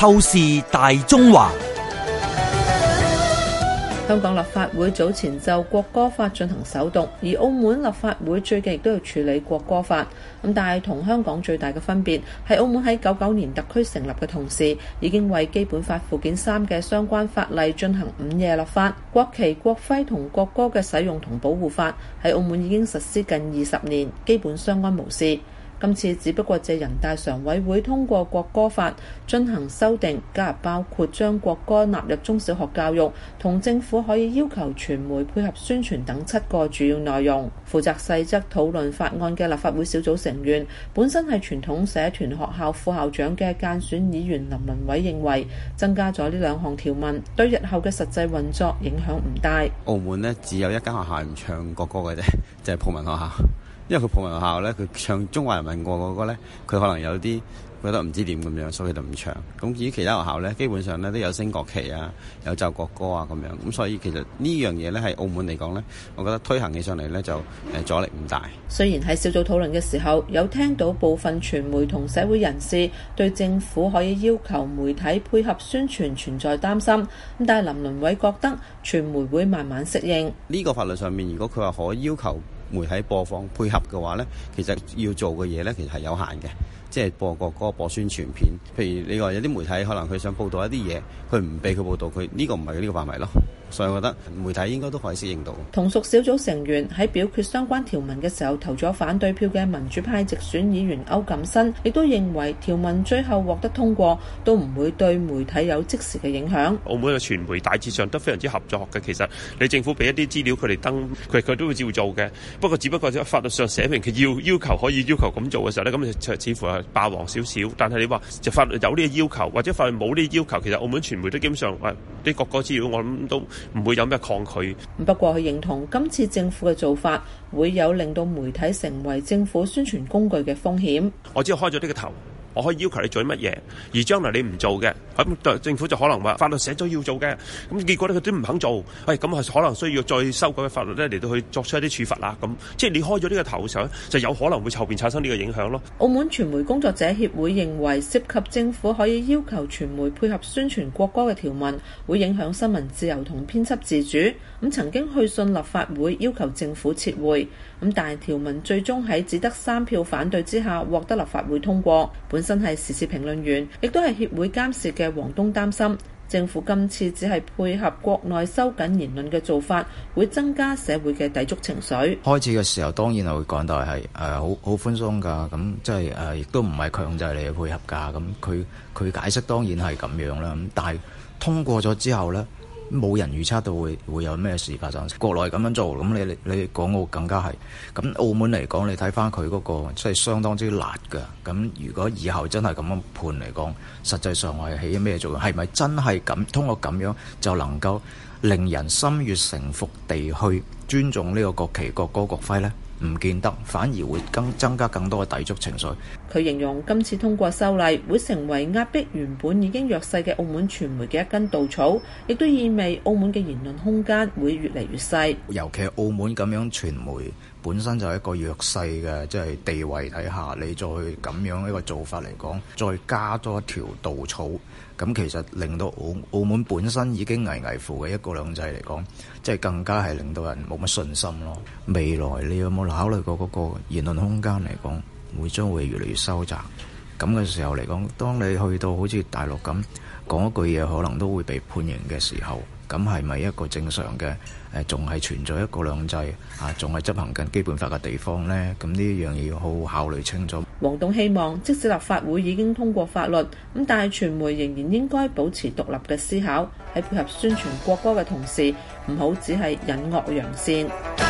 透視大中華，香港立法會早前就國歌法進行首讀，而澳門立法會最近亦都要處理國歌法。咁但係同香港最大嘅分別係，澳門喺九九年特區成立嘅同時，已經為基本法附件三嘅相關法例進行午夜立法。國旗、國徽同國歌嘅使用同保護法喺澳門已經實施近二十年，基本相安無事。今次只不過借人大常委會通過國歌法進行修訂，加入包括將國歌納入中小學教育、同政府可以要求傳媒配合宣傳等七個主要內容。負責細則討論法案嘅立法會小組成員，本身係傳統社團學校副校長嘅間選議員林文偉認為，增加咗呢兩項條文，對日後嘅實際運作影響唔大。澳門呢，只有一間學校唔唱國歌嘅啫，就係普文學校。因為佢葡文學校咧，佢唱中華人民國歌呢，個咧，佢可能有啲覺得唔知點咁樣，所以就唔唱。咁至於其他學校咧，基本上咧都有升國旗啊，有奏國歌啊咁樣。咁所以其實呢樣嘢咧，喺澳門嚟講咧，我覺得推行起上嚟咧就誒阻力唔大。雖然喺小組討論嘅時候，有聽到部分傳媒同社會人士對政府可以要求媒體配合宣傳存，存在擔心，但係林倫偉覺得傳媒會慢慢適應。呢個法律上面，如果佢話可要求。媒體播放配合嘅話咧，其實要做嘅嘢咧，其實係有限嘅，即係播個歌，播宣傳片。譬如你話有啲媒體可能佢想報導一啲嘢，佢唔俾佢報導，佢呢、呢個唔係呢個範圍咯。所以我覺得媒體應該都可以適應到。同屬小組成員喺表決相關條文嘅時候投咗反對票嘅民主派直選議員歐錦新，亦都認為條文最後獲得通過，都唔會對媒體有即時嘅影響。澳門嘅傳媒大致上都非常之合作嘅。其實你政府俾一啲資料佢哋登，佢佢都會照做嘅。不過只不過喺法律上寫明佢要要，要求可以要求咁做嘅時候呢，咁就似乎係霸王少少。但係你話就法律有呢個要求，或者法律冇呢個要求，其實澳門傳媒都基本上誒啲、哎、各個資料我，我諗都。唔會有咩抗拒。不過，佢認同今次政府嘅做法會有令到媒體成為政府宣傳工具嘅風險。我只係開咗呢個頭，我可以要求你做啲乜嘢，而將來你唔做嘅。咁就政府就可能話法律寫咗要做嘅，咁結果咧佢都唔肯做，喂，咁係可能需要再修改嘅法律咧嚟到去作出一啲處罰啦，咁即係你開咗呢個頭上，就有可能會後邊產生呢個影響咯。澳門傳媒工作者協會認為涉及政府可以要求傳媒配合宣傳國歌嘅條文，會影響新聞自由同編輯自主。咁曾經去信立法會要求政府撤回，咁但係條文最終喺只得三票反對之下獲得立法會通過，本身係時事評論員亦都係協會監視嘅。黃東擔心政府今次只係配合國內收緊言論嘅做法，會增加社會嘅抵觸情緒。開始嘅時候當然係會講到係誒好好寬鬆噶，咁、呃嗯、即係誒亦都唔係強制你嘅配合噶，咁佢佢解釋當然係咁樣啦。咁但係通過咗之後呢。冇人預測到會會有咩事發生。國內咁樣做，咁你你你港澳更加係。咁澳門嚟講，你睇翻佢嗰個，即係相當之辣㗎。咁如果以後真係咁樣判嚟講，實際上係起咩作用？係咪真係咁通過咁樣，就能夠令人心悦誠服地去尊重呢個國旗、國歌、國徽呢？唔見得，反而會更增加更多嘅抵觸情緒。佢形容今次通過修例，會成為壓迫原本已經弱勢嘅澳門傳媒嘅一根稻草，亦都意味澳門嘅言論空間會越嚟越細，尤其係澳門咁樣傳媒。本身就係一個弱勢嘅，即係地位底下，你再咁樣一個做法嚟講，再加多一條稻草，咁其實令到澳澳門本身已經危危乎嘅一國兩制嚟講，即係更加係令到人冇乜信心咯。未來你有冇考慮過嗰個言論空間嚟講，會將會越嚟越收窄？咁嘅時候嚟講，當你去到好似大陸咁講一句嘢，可能都會被判刑嘅時候。咁係咪一個正常嘅？誒，仲係存在一國兩制啊，仲係執行緊基本法嘅地方呢？咁呢一樣嘢要好好考慮清楚。王棟希望，即使立法會已經通過法律，咁但係傳媒仍然應該保持獨立嘅思考，喺配合宣傳國歌嘅同時，唔好只係隱惡揚善。